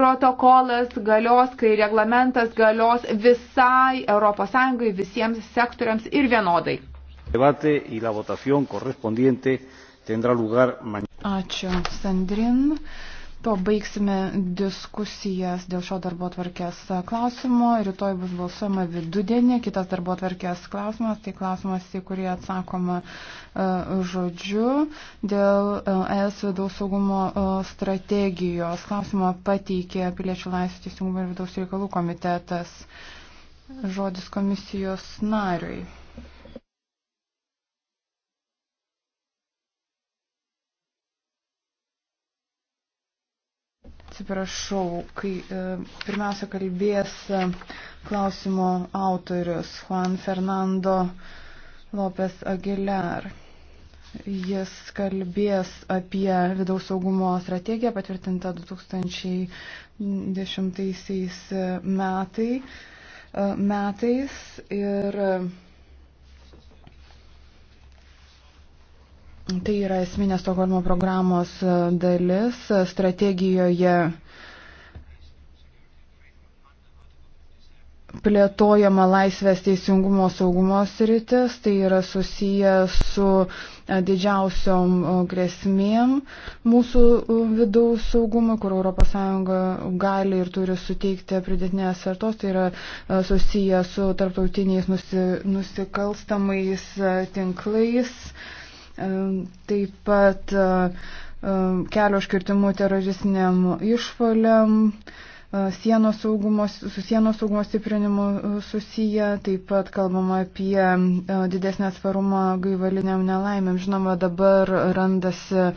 protokolas galios, kai reglamentas galios visai ES, visiems sektoriams ir vienodai. Ačiū, Sandrin. Pabaigsime diskusijas dėl šio darbo tvarkės klausimo. Rytoj bus balsuojama vidudienį. Kitas darbo tvarkės klausimas, tai klausimas, į kurį atsakoma e, žodžiu dėl e, ES vidaus saugumo e, strategijos. Klausimą pateikė Piliečių laisvės teisingumo ir vidaus reikalų komitetas. Žodis komisijos nariui. Atsiprašau, kai e, pirmiausia kalbės e, klausimo autorius Juan Fernando Lopes Aguilar. Jis kalbės apie vidaus saugumo strategiją patvirtintą 2010 e, metai, e, metais ir Tai yra esminė Stokholmo programos e, dalis. E, strategijoje plėtojama laisvės teisingumo saugumo sritis, tai yra susiję su e, didžiausiom grėsmėm mūsų vidaus saugumui, kur ES gali ir turi suteikti pridėtinės vertos, tai yra susiję su tarptautiniais nusi, nusikalstamais tinklais Taip pat e, e, kelio iškirtimų teroristiniam išvaliam, e, sienos saugumo, su sienos saugumo stiprinimu susiję, taip pat kalbama apie didesnę svarumą gaivaliniam nelaimėm. Žinoma, dabar randasi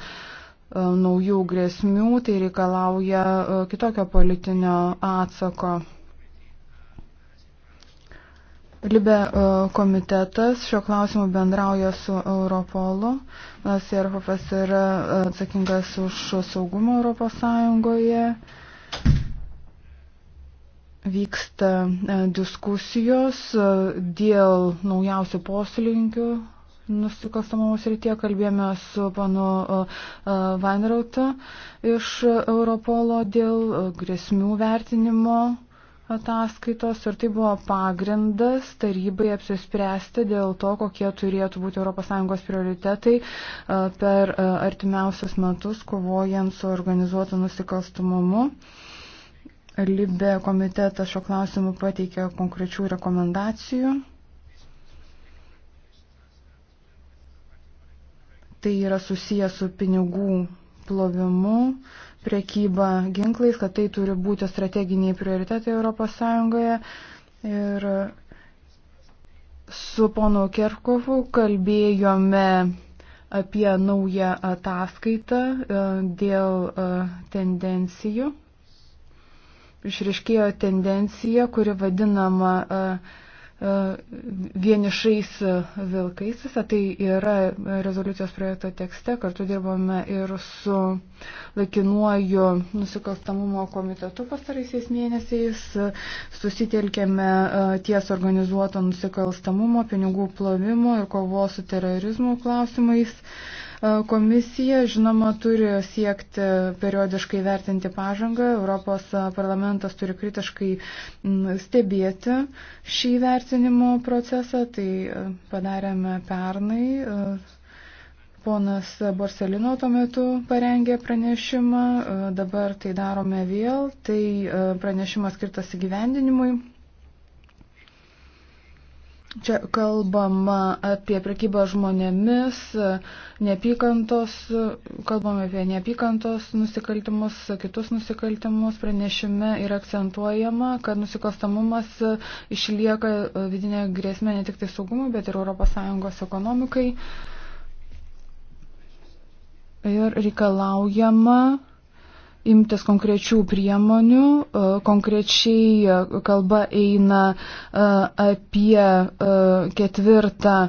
naujų grėsmių, tai reikalauja kitokio politinio atsako. Libė e, komitetas šio klausimu bendrauja su Europolu. Sierhofas yra e, atsakingas už saugumą Europos Sąjungoje. Vyksta e, diskusijos dėl naujausių poslinkių nusikalstamos rytie kalbėjome su panu Vainrautu iš Europolo dėl grėsmių vertinimo ataskaitos ir tai buvo pagrindas tarybai apsispręsti dėl to, kokie turėtų būti ES prioritetai e, per e, artimiausias metus kovojant su organizuotu nusikalstumumu. Libė komitetas šio klausimu pateikė konkrečių rekomendacijų. Tai yra susijęs su pinigų plovimu, priekyba ginklais, kad tai turi būti strateginiai prioritetai ES. Ir su ponu Kerkovu kalbėjome apie naują ataskaitą e, dėl e, tendencijų. Išriškėjo tendencija, kuri vadinama e, vienišais e, vilkais. Visą tai yra rezoliucijos projekto tekste. Kartu dirbome ir su laikinuoju nusikalstamumo komitetu pastaraisiais mėnesiais. Susitelkėme e, ties organizuoto nusikalstamumo, pinigų plovimo ir kovos su terorizmu klausimais. E, komisija, žinoma, turi siekti periodiškai vertinti pažangą. Europos parlamentas turi kritiškai stebėti šį vertinimo procesą. Tai e, padarėme pernai. E, ponas Borselino tuo metu parengė pranešimą, dabar tai darome vėl, tai pranešimas skirtas įgyvendinimui Čia kalbama apie prekybą žmonėmis, neapykantos, kalbame apie neapykantos nusikaltimus, kitus nusikaltimus. Pranešime yra akcentuojama, kad nusikostamumas išlieka vidinė grėsmė ne tik tai saugumui, bet ir ES ekonomikai. Ir reikalaujama imtis konkrečių priemonių. E, konkrečiai e, kalba eina e, apie ketvirtą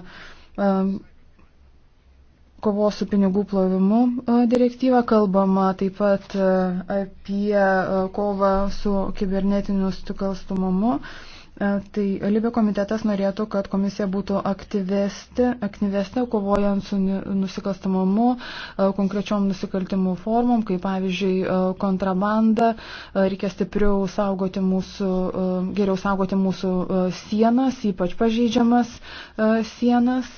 kovos su pinigų plovimu direktyvą, kalbama taip pat apie kovą su kibernetiniu stikalstumumu. E, tai Libė komitetas norėtų, kad komisija būtų aktyvesnė, aktyvesnė kovojant su nusikalstamumu, e, konkrečiom nusikaltimų formom, kaip pavyzdžiui e, kontrabanda, reikia stipriau saugoti mūsų, geriau saugoti mūsų sienas, ypač pažeidžiamas sienas.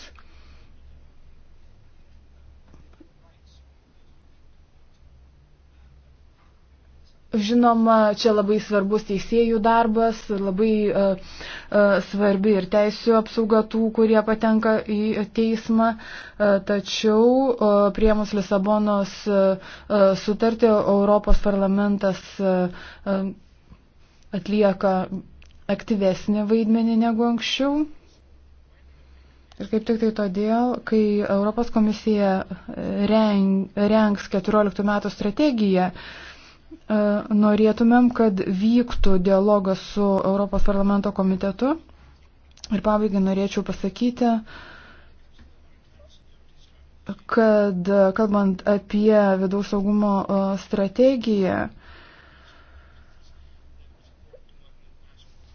Žinoma, čia labai svarbus teisėjų darbas, labai uh, uh, svarbi ir teisų apsauga tų, kurie patenka į teismą. Uh, tačiau uh, priemus Lisabonos uh, sutartį Europos parlamentas uh, uh, atlieka aktyvesnį vaidmenį negu anksčiau. Ir kaip tik tai todėl, kai Europos komisija reng, rengs 14 metų strategiją, uh, E, norėtumėm, kad vyktų dialogas su Europos parlamento komitetu. Ir pabaigai norėčiau pasakyti, kad kalbant apie vidaus saugumo e, strategiją,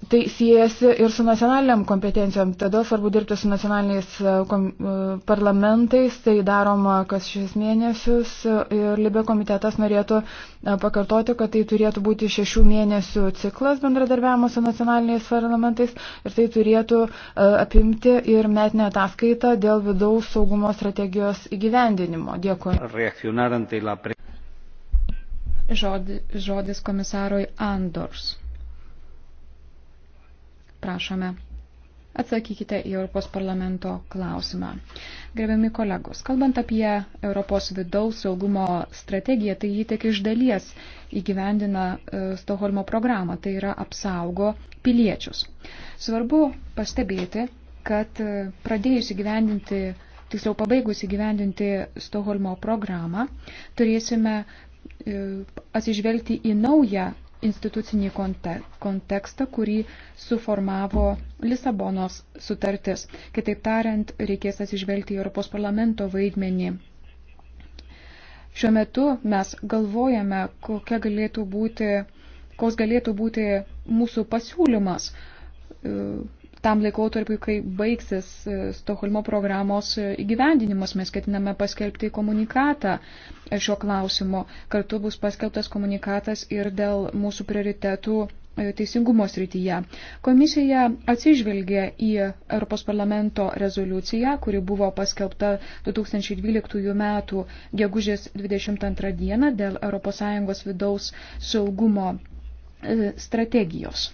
Tai siejasi ir su nacionaliniam kompetencijom. Tada svarbu dirbti su nacionaliniais e, e, parlamentais. Tai daroma kas šis mėnesius. Ir Libė komitetas norėtų e, pakartoti, kad tai turėtų būti šešių mėnesių ciklas bendradarbiavimo su nacionaliniais parlamentais. Ir tai turėtų apimti ir metinę ataskaitą dėl vidaus saugumo strategijos įgyvendinimo. Dėkui. Žodis, žodis komisarui Andors. Prašome. Atsakykite į Europos parlamento klausimą. Gerbiami kolegos, kalbant apie Europos vidaus saugumo strategiją, tai jį tik iš dalies įgyvendina e, Stoholmo programą, tai yra apsaugo piliečius. Svarbu pastebėti, kad e, pradėjus įgyvendinti, tiksliau pabaigus įgyvendinti Stoholmo programą, turėsime e, atsižvelgti į naują institucinį kontekstą, kurį suformavo Lisabonos sutartis. Kitaip tariant, reikės atsižvelgti į Europos parlamento vaidmenį. Šiuo metu mes galvojame, kokia galėtų būti, koks galėtų būti mūsų pasiūlymas e, tam laikotarpiu, kai baigsis e, Stokholmo programos e, įgyvendinimas. Mes ketiname paskelbti komunikatą e, šio klausimo. Kartu bus paskelbtas komunikatas ir dėl mūsų prioritetų teisingumo srityje. Komisija atsižvelgė į Europos parlamento rezoliuciją, kuri buvo paskelbta 2012 m. gegužės 22 d. dėl ES vidaus saugumo strategijos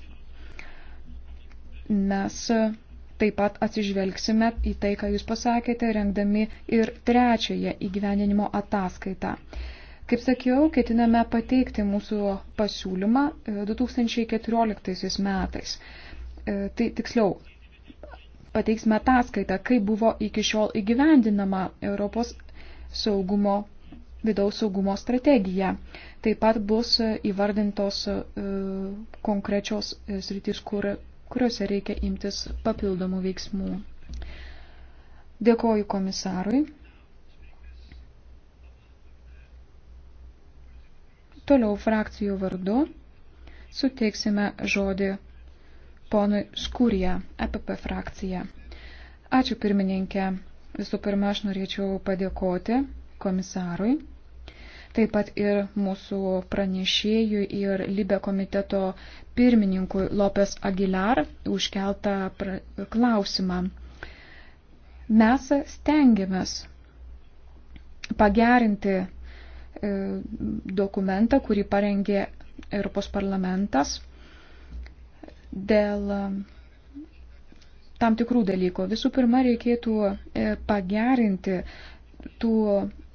mes taip pat atsižvelgsime į tai, ką Jūs pasakėte, rengdami ir trečiąją įgyvendinimo ataskaitą. Kaip sakiau, ketiname pateikti mūsų pasiūlymą 2014 e, metais. E, tai tiksliau, pateiksime ataskaitą, kaip buvo iki šiol įgyvendinama Europos saugumo, vidaus saugumo strategija. Taip pat bus įvardintos e, konkrečios sritis, kur kuriuose reikia imtis papildomų veiksmų. Dėkoju komisarui. Toliau frakcijų vardu suteiksime žodį ponui Skūrija, EPP frakcija. Ačiū pirmininkė. Visų pirma, aš norėčiau padėkoti komisarui taip pat ir mūsų pranešėjui ir Libe komiteto pirmininkui Lopes Aguilar užkeltą klausimą. Mes stengiamės pagerinti e, dokumentą, kurį parengė Europos parlamentas dėl e, tam tikrų dalykų. Visų pirma, reikėtų e, pagerinti tų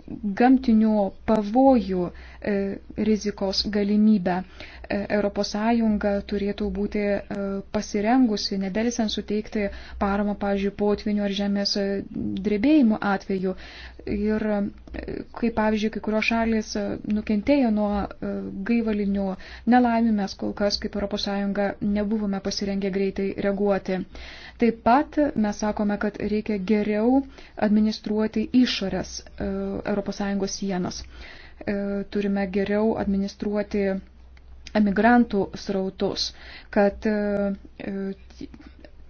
gamtinių pavojų e, rizikos galimybę. ES turėtų būti e, pasirengusi, nedelsiant suteikti paramą, pavyzdžiui, potvinių ar žemės e, drebėjimų atveju. Ir e, kaip, pavyzdžiui, kai kurios šalis e, nukentėjo nuo e, gaivalinių nelaimių, mes kol kas kaip ES nebuvome pasirengę greitai reaguoti. Taip pat mes sakome, kad reikia geriau administruoti išorės. E, ES sienos. E, turime geriau administruoti emigrantų srautus, kad e,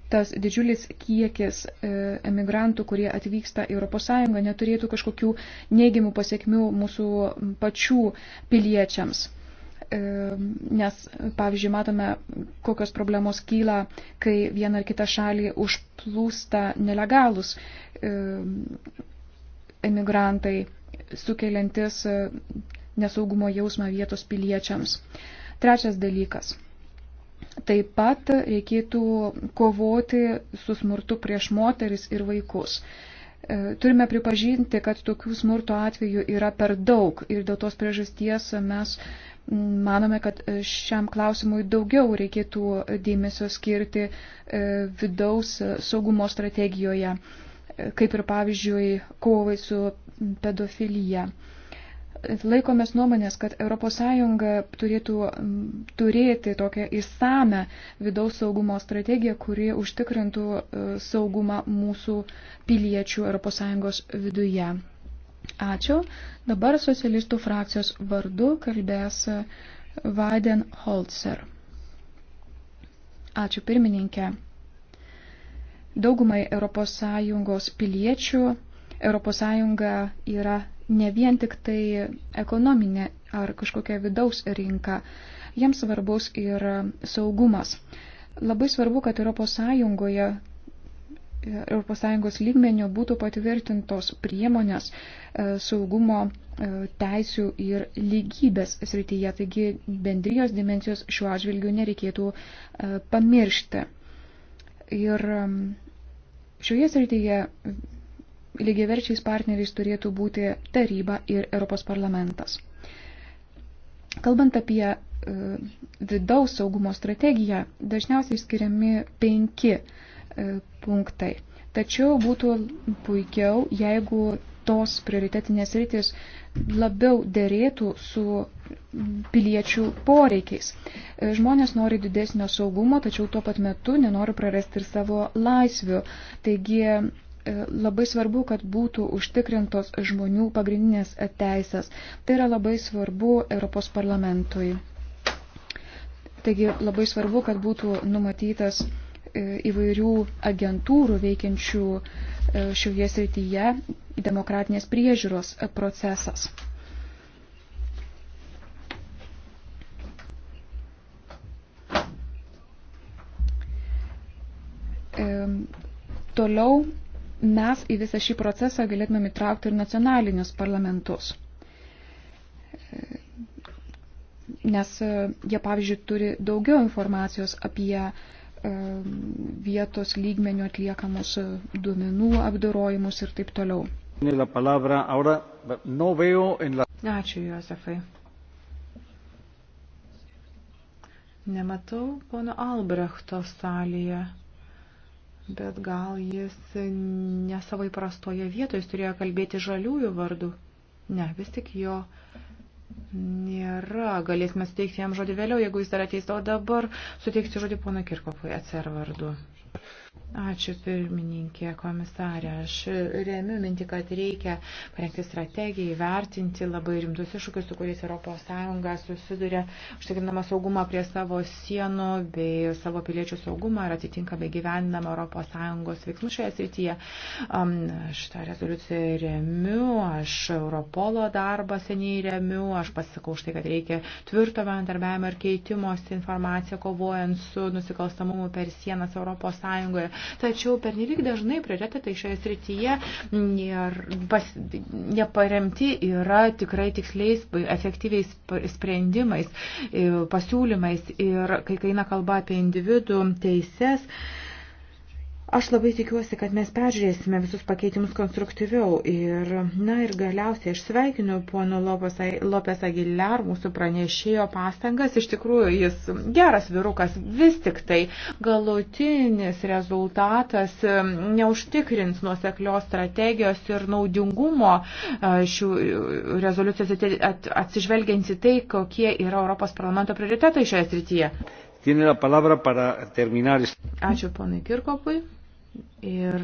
tas didžiulis kiekis e, emigrantų, kurie atvyksta į ES, neturėtų kažkokių neigiamų pasiekmių mūsų pačių piliečiams. Nes, pavyzdžiui, matome, kokios problemos kyla, kai vieną ar kitą šalį užplūsta nelegalus emigrantai sukeliantis e, nesaugumo jausmą vietos piliečiams. Trečias dalykas. Taip pat reikėtų kovoti su smurtu prieš moteris ir vaikus. E, turime pripažinti, kad tokių smurto atvejų yra per daug ir dėl tos priežasties mes manome, kad e, šiam klausimui daugiau reikėtų dėmesio skirti vidaus saugumo strategijoje, kaip ir pavyzdžiui kovai su pedofiliją. Laikomės nuomonės, kad ES turėtų turėti tokią įsame vidaus saugumo strategiją, kuri užtikrintų e, saugumą mūsų piliečių ES viduje. Ačiū. Dabar socialistų frakcijos vardu kalbės Vaiden e, Holzer. Ačiū pirmininkė. Daugumai ES piliečių ES yra ne vien tik tai ekonominė ar kažkokia vidaus rinka, jiems svarbus ir saugumas. Labai svarbu, kad ES ES lygmenio būtų patvirtintos priemonės e, saugumo e, teisių ir lygybės srityje. Taigi bendrijos dimensijos šiuo atžvilgiu nereikėtų e, pamiršti. Ir šioje srityje lygiaverčiais partneriais turėtų būti taryba ir Europos parlamentas. Kalbant apie e, vidaus saugumo strategiją, dažniausiai skiriami penki e, punktai. Tačiau būtų puikiau, jeigu tos prioritetinės rytis labiau dėrėtų su piliečių poreikiais. E, žmonės nori didesnio saugumo, tačiau tuo pat metu nenori prarasti ir savo laisvių. Taigi E, labai svarbu, kad būtų užtikrintos žmonių pagrindinės teisės. Tai yra labai svarbu Europos parlamentui. Taigi labai svarbu, kad būtų numatytas e, įvairių agentūrų veikiančių e, šioje srityje demokratinės priežiūros procesas. Toliau mes į visą šį procesą galėtumėm įtraukti ir nacionalinius parlamentus. Nes e, jie, pavyzdžiui, turi daugiau informacijos apie e, vietos lygmenių atliekamus e, duomenų apdorojimus ir taip toliau. Ačiū, Josefai. Nematau pono Albrechto salėje bet gal jis ne savo įprastoje vietoje, jis turėjo kalbėti žaliųjų vardu. Ne, vis tik jo nėra. Galėsime suteikti jam žodį vėliau, jeigu jis dar ateis, o dabar suteiksiu žodį pono Kirkopui atsar vardu. Ačiū pirmininkė, komisarė. Aš remiu minti, kad reikia parengti strategiją, įvertinti labai rimtus iššūkius, su kuriais ES susiduria, užtikrindama saugumą prie savo sienų bei savo piliečių saugumą ir atitinkamai gyvendama ES veiksmų šioje srityje. Aš tą rezoliuciją remiu, aš Europolo darbą seniai remiu, aš pasisakau už tai, kad reikia tvirto bendarbiavimo ir keitimosi informaciją kovojant su nusikalstamumu per sienas ES Tačiau pernelyg dažnai prioritetai šioje srityje nėr, pas, neparemti yra tikrai tiksliais, efektyviais sprendimais, e, pasiūlymais ir kai eina kalba apie individų teises, Aš labai tikiuosi, kad mes peržiūrėsime visus pakeitimus konstruktyviau ir, na ir galiausiai aš sveikinu pono Lopes Aguilar, mūsų pranešėjo pastangas, iš tikrųjų jis geras virukas, vis tik tai galutinis rezultatas neužtikrins nuoseklios strategijos ir naudingumo šių e, rezoliucijos atsižvelgiant į tai, kokie yra Europos parlamento prioritetai šioje srityje. Ačiū ponai Kirkopui. Ir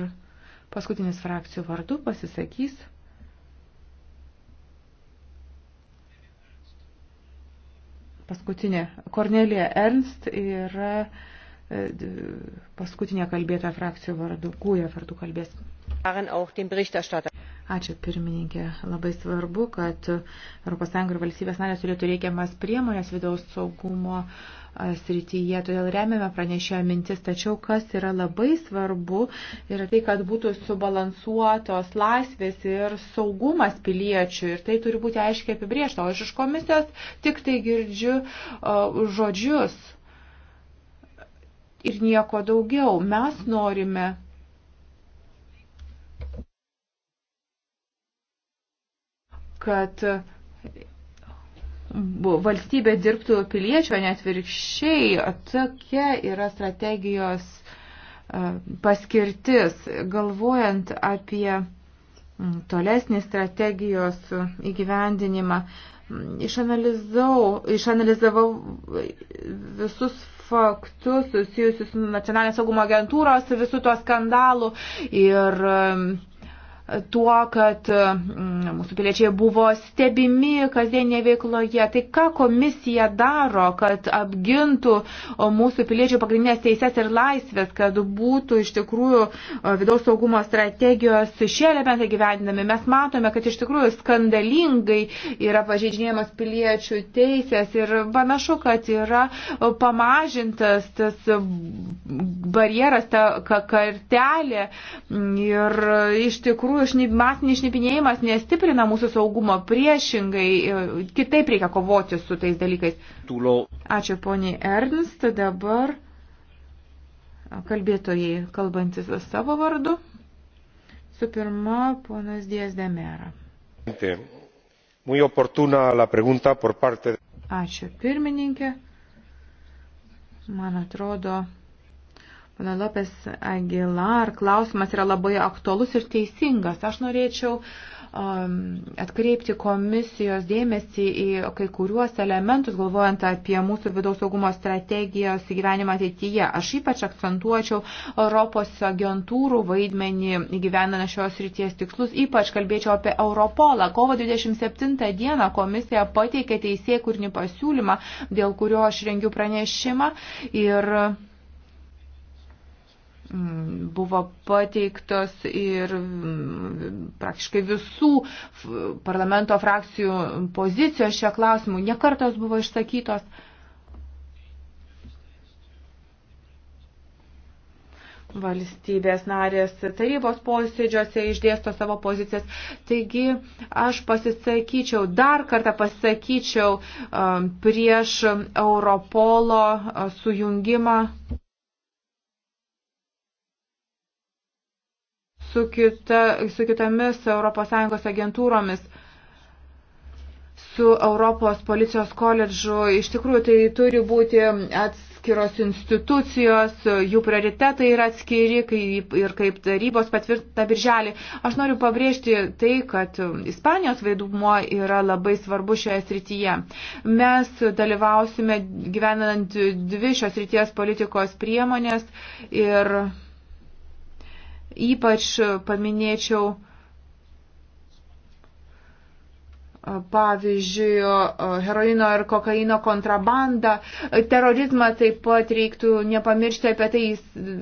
paskutinis frakcijų vardu pasisakys paskutinė. Kornelija Ernst yra e, paskutinė kalbėtoja frakcijų vardu, kūja vardu kalbės. Ačiū pirmininkė. Labai svarbu, kad ES ir valstybės narės turėtų reikiamas priemonės vidaus saugumo uh, srityje, todėl remiame pranešėjo mintis, tačiau kas yra labai svarbu, yra tai, kad būtų subalansuotos laisvės ir saugumas piliečių ir tai turi būti aiškiai apibriešta, o aš iš komisijos tik tai girdžiu uh, žodžius ir nieko daugiau. Mes norime kad valstybė dirbtų piliečio, net virkščiai. Tokia yra strategijos e, paskirtis, galvojant apie tolesnį strategijos įgyvendinimą. Išanalizavau visus faktus susijusius su nacionalinės saugumo agentūros visų tuo skandalu ir tuo, kad mm, mūsų piliečiai buvo stebimi kasdienėje veikloje. Tai ką komisija daro, kad apgintų mūsų piliečių pagrindinės teises ir laisvės, kad būtų iš tikrųjų e, vidaus saugumo strategijos šie elementai gyvendinami. Mes matome, kad iš tikrųjų skandalingai yra pažeidinėjamas piliečių teisės ir panašu, kad yra pamažintas tas barjeras, ta kartelė ir iš tikrųjų tikrųjų šnip, masinis šnipinėjimas nestiprina mūsų saugumo priešingai, e, kitaip reikia kovoti su tais dalykais. Ačiū poniai Ernst, dabar kalbėtojai kalbantis savo vardu. Su pirma, ponas Dies Demera. Ačiū pirmininkė. Man atrodo, Pana Lopes Aguilar, klausimas yra labai aktualus ir teisingas. Aš norėčiau um, atkreipti komisijos dėmesį į kai kuriuos elementus, galvojant apie mūsų vidaus saugumo strategijos gyvenimą ateityje. Aš ypač akcentuočiau Europos agentūrų vaidmenį gyvenant šios ryties tikslus, ypač kalbėčiau apie Europolą. Kovo 27 dieną komisija pateikė teisėkurnį pasiūlymą, dėl kurio aš rengiu pranešimą. Ir buvo pateiktos ir mm, praktiškai visų parlamento frakcijų pozicijos šio klausimu. Nekartos buvo išsakytos. valstybės narės tarybos posėdžiuose išdėsto savo pozicijas. Taigi aš pasisakyčiau, dar kartą pasisakyčiau um, prieš Europolo uh, sujungimą. su, kita, su kitomis ES agentūromis su Europos policijos koledžu. Iš tikrųjų, tai turi būti atskiros institucijos, jų prioritetai yra atskiri kaip, ir kaip tarybos patvirtina birželį. Aš noriu pabrėžti tai, kad Ispanijos vaidumuo yra labai svarbu šioje srityje. Mes dalyvausime gyvenant dvi šios ryties politikos priemonės ir Ypač paminėčiau pavyzdžiui, heroino ir kokaino kontrabandą. Terorizmą taip pat reiktų nepamiršti apie tai, jis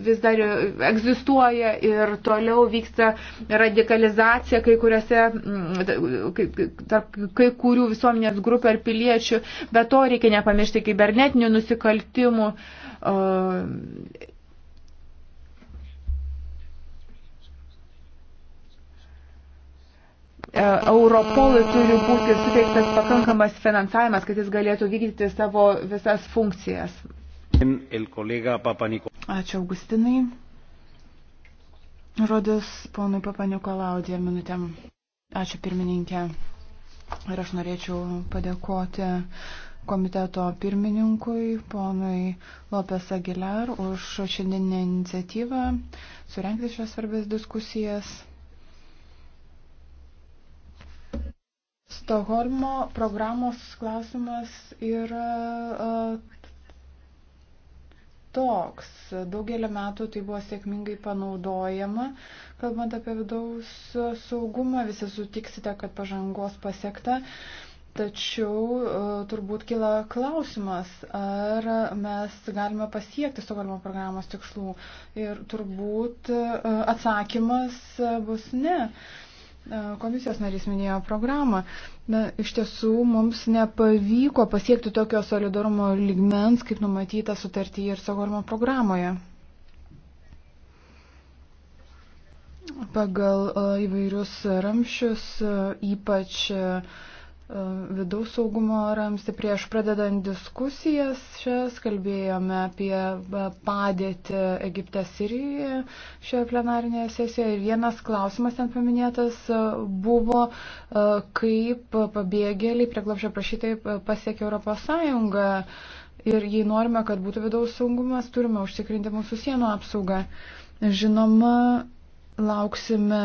vis dar egzistuoja ir toliau vyksta radikalizacija kai kuriuose, tarp kai kurių visuomenės grupė ar piliečių. Be to reikia nepamiršti kibernetinių nusikaltimų E, Europolui turi būti suteiktas pakankamas finansavimas, kad jis galėtų vykdyti savo visas funkcijas. Ačiū, Augustinai. Rodis ponui Papanikolau dviem minutėm. Ačiū, pirmininkė. Ir aš norėčiau padėkoti komiteto pirmininkui, ponui Lopes Aguilar, už šiandieninę iniciatyvą surenkti šias svarbės diskusijas. Stokholmo programos klausimas yra e, toks. Daugelį metų tai buvo sėkmingai panaudojama. Kalbant apie vidaus saugumą, visi sutiksite, kad pažangos pasiekta. Tačiau e, turbūt kila klausimas, ar mes galime pasiekti Stokholmo programos tikslų. Ir turbūt e, atsakymas bus ne. Uh, E, komisijos narys minėjo programą. Na, iš tiesų mums nepavyko pasiekti tokio solidarumo ligmens, kaip numatyta sutartyje ir saugumo programoje. Pagal e, įvairius ramšius, e, ypač uh, E, vidaus saugumo ramsti. Prieš pradedant diskusijas šias kalbėjome apie e, padėtį Egipte Sirijoje šioje plenarinėje sesijoje ir vienas klausimas ten paminėtas e, buvo, kaip pabėgėliai prieglapšio prašytai pasiekė Europos Sąjungą. Ir jei norime, kad būtų vidaus saugumas, turime užtikrinti mūsų sienų apsaugą. Žinoma, lauksime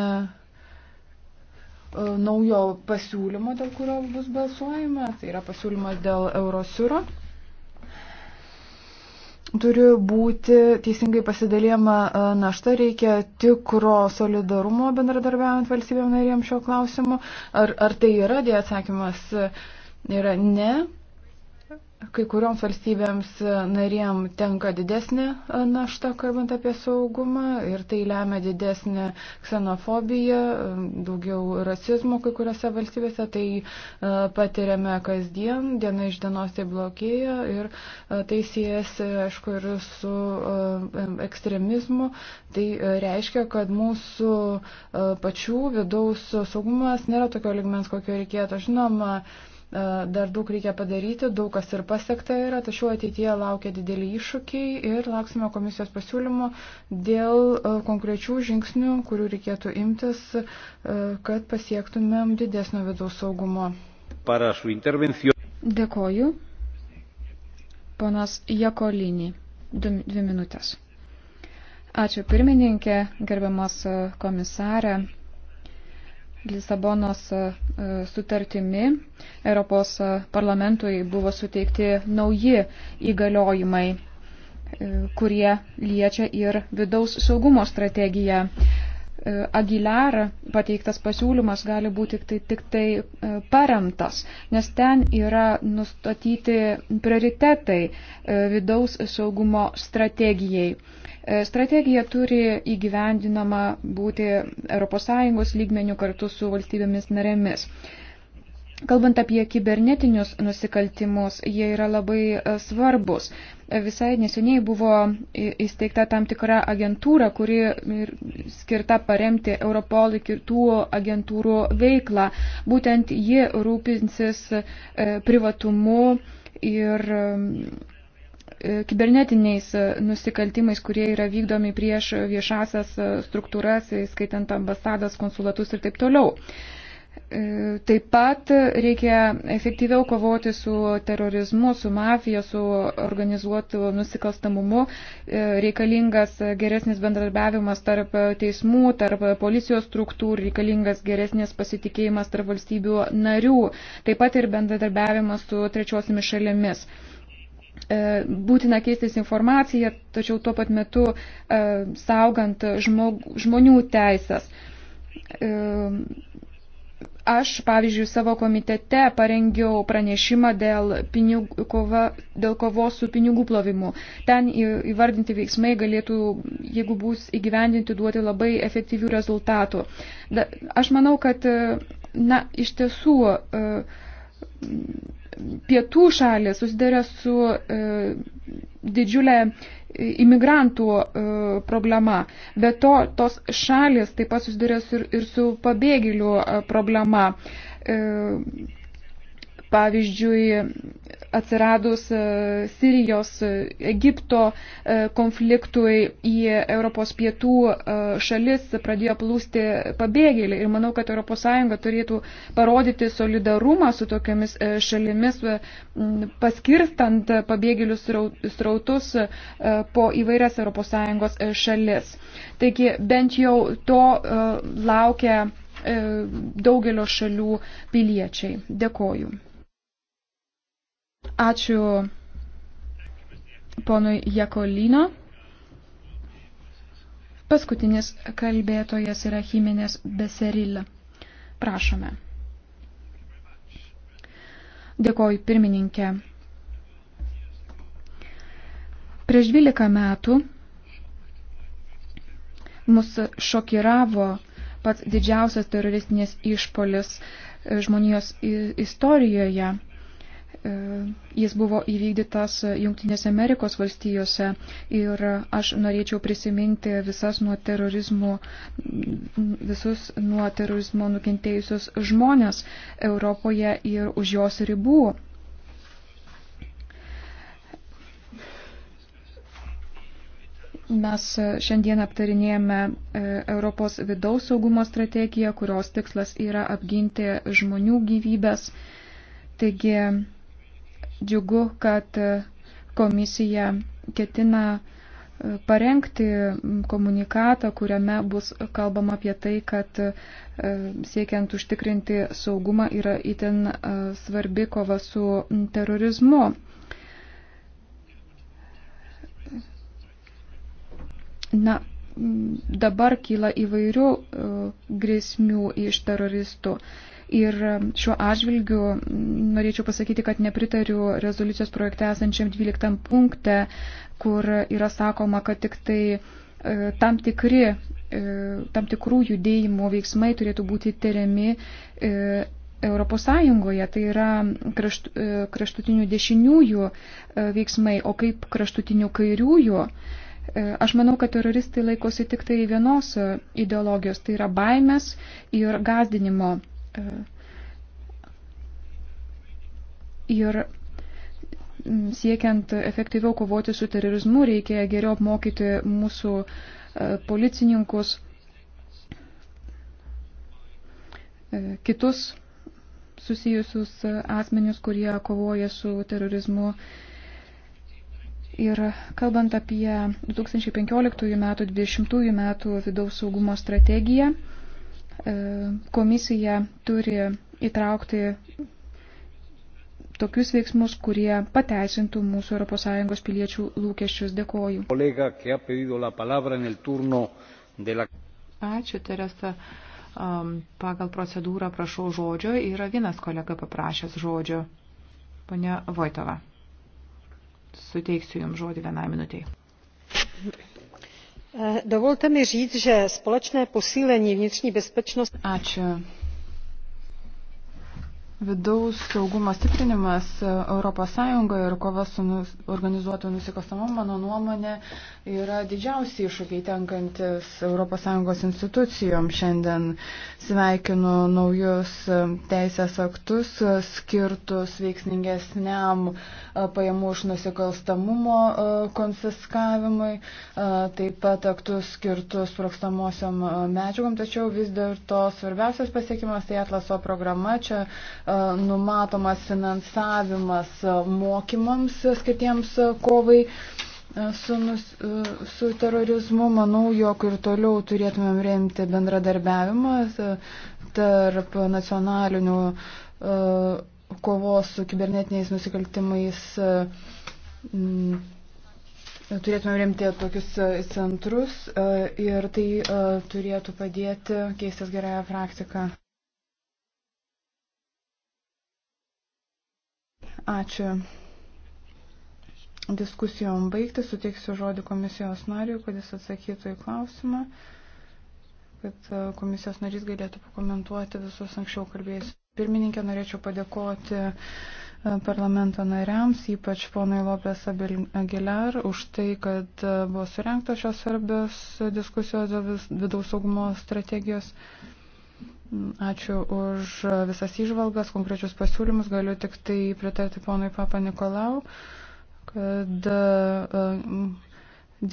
E, naujo pasiūlymo, dėl kurio bus balsuojama, tai yra pasiūlymas dėl Eurosiūro. Turi būti teisingai pasidalėma e, našta, reikia tikro solidarumo bendradarbiaujant valstybėm narėm šio klausimu. Ar, ar tai yra, dėja atsakymas e, yra ne. Kai kurioms valstybėms e, narėm tenka didesnė e, našta, kalbant apie saugumą, ir tai lemia didesnė ksenofobiją, e, daugiau rasizmo kai kuriuose valstybėse, tai patiriame kasdien, diena iš dienos tai blokėja ir tai siejasi, aišku, ir su ekstremizmu. Tai reiškia, kad mūsų pačių vidaus saugumas nėra tokio ligmens, kokio reikėtų. Žinoma, E, dar daug reikia padaryti, daug kas ir pasiekta yra, tačiau ateityje laukia dideli iššūkiai ir lauksime komisijos pasiūlymų dėl e, konkrečių žingsnių, kurių reikėtų imtis, e, kad pasiektumėm didesnio vidaus saugumo. Dėkoju. Ponas Jakolinį. Dvi, dvi minutės. Ačiū pirmininkė, gerbiamas komisarė. Lisabonos e, sutartimi Europos e, parlamentui buvo suteikti nauji įgaliojimai, e, kurie liečia ir vidaus saugumo strategiją. Aguilar pateiktas pasiūlymas gali būti tik tai, tik tai paremtas, nes ten yra nustatyti prioritetai vidaus saugumo strategijai. Strategija turi įgyvendinama būti ES lygmenių kartu su valstybėmis narėmis. Kalbant apie kibernetinius nusikaltimus, jie yra labai e, svarbus. Visai neseniai buvo įsteigta tam tikra agentūra, kuri skirta paremti Europol ir kitų agentūrų veiklą. Būtent ji rūpinsis e, privatumu ir E, kibernetiniais e, nusikaltimais, kurie yra vykdomi prieš viešasias e, struktūras, skaitant ambasadas, konsulatus ir taip toliau. Taip pat reikia efektyviau kovoti su terorizmu, su mafija, su organizuotu nusikalstamumu. Reikalingas geresnis bendradarbiavimas tarp teismų, tarp policijos struktūrų, reikalingas geresnis pasitikėjimas tarp valstybių narių, taip pat ir bendradarbiavimas su trečiosiomis šalimis. E, būtina keistis informaciją, tačiau tuo pat metu e, saugant žmog, žmonių teisės. E, aš, pavyzdžiui, savo komitete parengiau pranešimą dėl, pinig, kova, dėl kovos su pinigų plovimu. Ten įvardinti veiksmai galėtų, jeigu bus įgyvendinti, duoti labai efektyvių rezultatų. Da, aš manau, kad, na, iš tiesų. Uh, pietų šalis susidarė su e, didžiulė e, imigrantų e, problema. Be to, tos šalis taip pat susidarė su, ir, ir su pabėgėlių e, problema. E, Pavyzdžiui, atsiradus e, Sirijos, e, Egipto e, konfliktui į Europos pietų šalis pradėjo plūsti pabėgėliai. Ir manau, kad ES turėtų parodyti solidarumą su tokiamis šalimis, paskirstant pabėgėlių srautus po įvairias ES šalis. Taigi bent jau to laukia daugelio šalių piliečiai. Dėkoju. Ačiū ponui Jekolino. Paskutinis kalbėtojas yra Jimenės Beserilla. Prašome. Dėkoju pirmininkė. Prieš 12 metų mus šokiravo pats didžiausias teroristinės išpolis žmonijos istorijoje. E, jis buvo įvykdytas Junktinėse Amerikos valstijose ir aš norėčiau prisiminti visas nuo terorizmo, visus nuo terorizmo nukentėjusius žmonės Europoje ir už jos ribų. Mes šiandien aptarinėjame e, Europos vidaus saugumo strategiją, kurios tikslas yra apginti žmonių gyvybės. Taigi, Džiugu, kad komisija ketina e, parengti komunikatą, kuriame bus kalbama apie tai, kad e, siekiant užtikrinti saugumą yra itin e, svarbi kova su terorizmu. Na, dabar kyla įvairių grėsmių iš teroristų. Ir um, šiuo atžvilgiu mm, norėčiau pasakyti, kad nepritariu rezoliucijos projekte esančiam 12 punkte, kur yra sakoma, kad tik tai e, tam tikri e, tam tikrų judėjimų veiksmai turėtų būti tyriami e, Europos Sąjungoje, tai yra krašt, kraštutinių dešiniųjų veiksmai, o kaip kraštutinių kairiųjų. Aš manau, kad teroristai laikosi tik tai vienos ideologijos, tai yra baimės ir gazdinimo Ir siekiant efektyviau kovoti su terorizmu, reikia geriau apmokyti mūsų e, policininkus, e, kitus susijusius asmenius, kurie kovoja su terorizmu. Ir kalbant apie 2015 metų, 2020 metų vidaus saugumo strategiją, E, komisija turi įtraukti tokius veiksmus, kurie pateisintų mūsų ES piliečių lūkesčius. Dėkoju. Ačiū, Teresa. Um, pagal procedūrą prašau žodžio. Yra vienas kolega paprašęs žodžio. Pane Vojtova, suteiksiu Jums žodį vienai minutiai dovolte mi říct že společné posílení vnitřní bezpečnosti. Vidaus saugumo stiprinimas ES ir kova su nus, organizuotu nusikalstamumu, mano nuomonė, yra didžiausiai iššūkiai tenkantis ES institucijom. Šiandien sveikinu naujus e, teisės aktus e, skirtus veiksmingesniam e, pajamų iš nusikalstamumo konfiskavimui, taip pat aktus skirtus prokstamosiom medžiagom, tačiau vis dėlto svarbiausias pasiekimas tai Atlaso programa. Čia E, numatomas finansavimas e, mokymams skirtiems kovai e, su, su terorizmu. Manau, jog ir toliau turėtumėm remti bendradarbiavimą tarp nacionalinių kovos su kibernetiniais nusikaltimais Turėtume remti tokius centrus ir tai turėtų padėti keistis gerąją praktiką. Ačiū. Diskusijom baigti, suteiksiu žodį komisijos nariui, kad jis atsakytų į klausimą, kad e, komisijos narys galėtų pakomentuoti visus anksčiau kalbėjus. Pirmininkė, norėčiau padėkoti e, parlamento nariams, ypač ponai Lopės Aguilar, už tai, kad e, buvo surinktos šios svarbios diskusijos dėl vidaus saugumo strategijos. Ačiū už visas išvalgas, konkrečius pasiūlymus. Galiu tik tai pritarti ponui Papa Nikolau, kad e,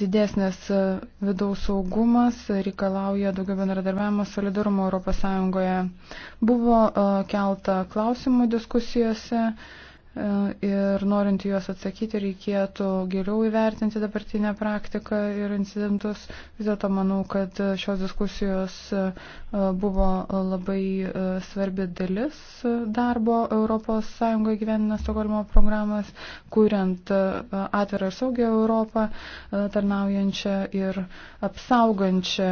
didesnės e, vidaus saugumas reikalauja daugiau bendradarbiavimo solidarumo ES. Buvo e, kelta klausimų diskusijose ir norint juos atsakyti reikėtų geriau įvertinti dabartinę praktiką ir incidentus. Vis dėlto manau, kad šios diskusijos e, buvo labai e, svarbi dalis darbo ES gyveninant Stokholmo programas, kuriant e, atvirą ir saugią Europą, tarnaujančią ir apsaugančią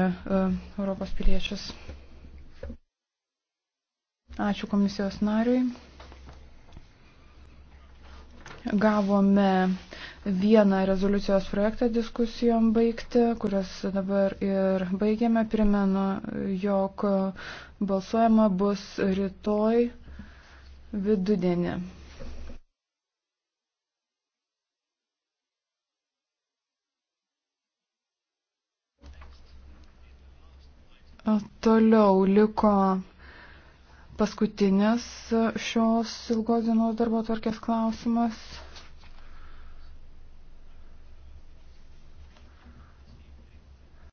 Europos piliečius. Ačiū komisijos nariui. Gavome vieną rezoliucijos projektą diskusijom baigti, kurias dabar ir baigėme. Primenu, jog balsuojama bus rytoj vidudienį. Toliau liko Paskutinis šios ilgos dienos darbo tvarkės klausimas.